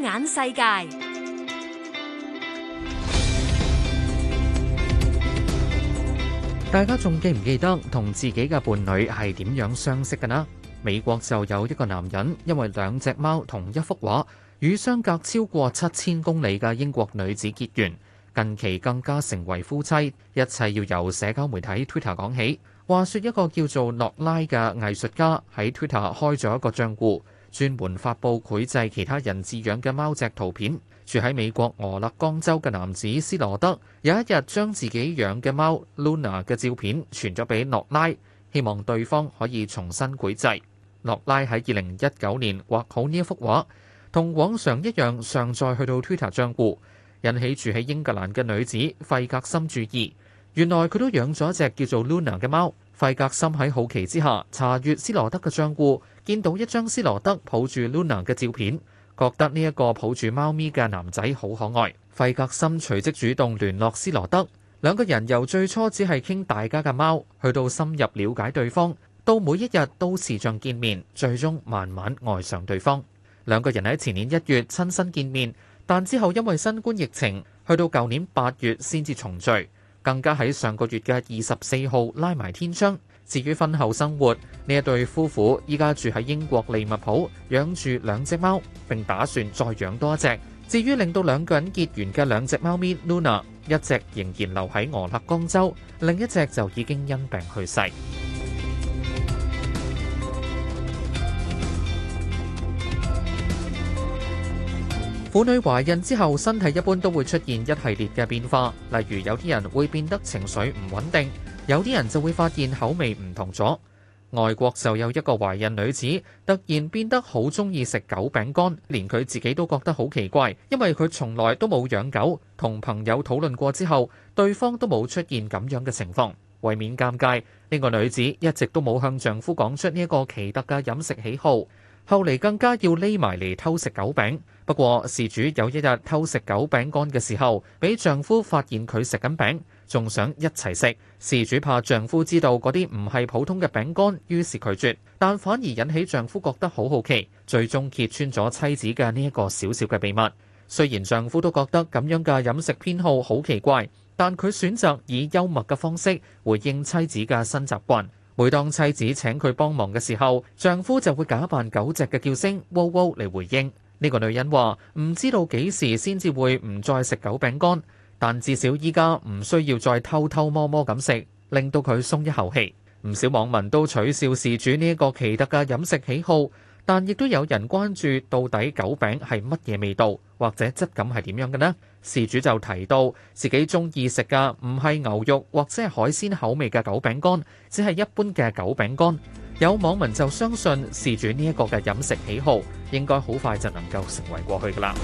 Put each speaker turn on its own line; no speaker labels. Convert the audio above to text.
眼世界，大家仲記唔記得同自己嘅伴侶係點樣相識嘅呢？美國就有一個男人，因為兩隻貓同一幅畫，與相隔超過七千公里嘅英國女子結緣，近期更加成為夫妻。一切要由社交媒體 Twitter 講起。話說一個叫做諾拉嘅藝術家喺 Twitter 開咗一個賬戶。專門發布繪製其他人飼養嘅貓隻圖片。住喺美國俄勒岡州嘅男子斯羅德有一日將自己養嘅貓 Luna 嘅照片傳咗俾諾拉，希望對方可以重新繪製。諾拉喺二零一九年畫好呢一幅畫，同往常一樣上載去到 Twitter 賬戶，引起住喺英格蘭嘅女子費格森注意。原來佢都養咗一隻叫做 Luna 嘅貓。費格森喺好奇之下查閱斯羅德嘅賬戶，見到一張斯羅德抱住 Luna 嘅照片，覺得呢一個抱住貓咪嘅男仔好可愛。費格森隨即主動聯絡斯羅德，兩個人由最初只係傾大家嘅貓，去到深入了解對方，到每一日都視像見面，最終慢慢愛上對方。兩個人喺前年一月親身見面，但之後因為新冠疫情，去到舊年八月先至重聚。更加喺上個月嘅二十四號拉埋天窗。至於婚後生活，呢一對夫婦依家住喺英國利物浦，養住兩隻貓，並打算再養多一隻。至於令到兩個人結緣嘅兩隻貓咪 Luna，一隻仍然留喺俄勒岡州，另一隻就已經因病去世。婦女懷孕之後，身體一般都會出現一系列嘅變化，例如有啲人會變得情緒唔穩定，有啲人就會發現口味唔同咗。外國就有一個懷孕女子，突然變得好中意食狗餅乾，連佢自己都覺得好奇怪，因為佢從來都冇養狗。同朋友討論過之後，對方都冇出現咁樣嘅情況。為免尷尬，呢個女子一直都冇向丈夫講出呢一個奇特嘅飲食喜好。後嚟更加要匿埋嚟偷食狗餅，不過事主有一日偷食狗餅乾嘅時候，俾丈夫發現佢食緊餅，仲想一齊食。事主怕丈夫知道嗰啲唔係普通嘅餅乾，於是拒絕，但反而引起丈夫覺得好好奇，最終揭穿咗妻子嘅呢一個小小嘅秘密。雖然丈夫都覺得咁樣嘅飲食偏好好奇怪，但佢選擇以幽默嘅方式回應妻子嘅新習慣。每當妻子請佢幫忙嘅時候，丈夫就會假扮狗隻嘅叫聲「汪汪」嚟回應。呢、這個女人話唔知道幾時先至會唔再食狗餅乾，但至少依家唔需要再偷偷摸摸咁食，令到佢鬆一口氣。唔少網民都取笑事主呢一個奇特嘅飲食喜好。但亦都有人關注，到底狗餅係乜嘢味道，或者質感係點樣嘅呢？事主就提到自己中意食㗎唔係牛肉或者係海鮮口味嘅狗餅乾，只係一般嘅狗餅乾。有網民就相信事主呢一個嘅飲食喜好，應該好快就能夠成為過去㗎啦。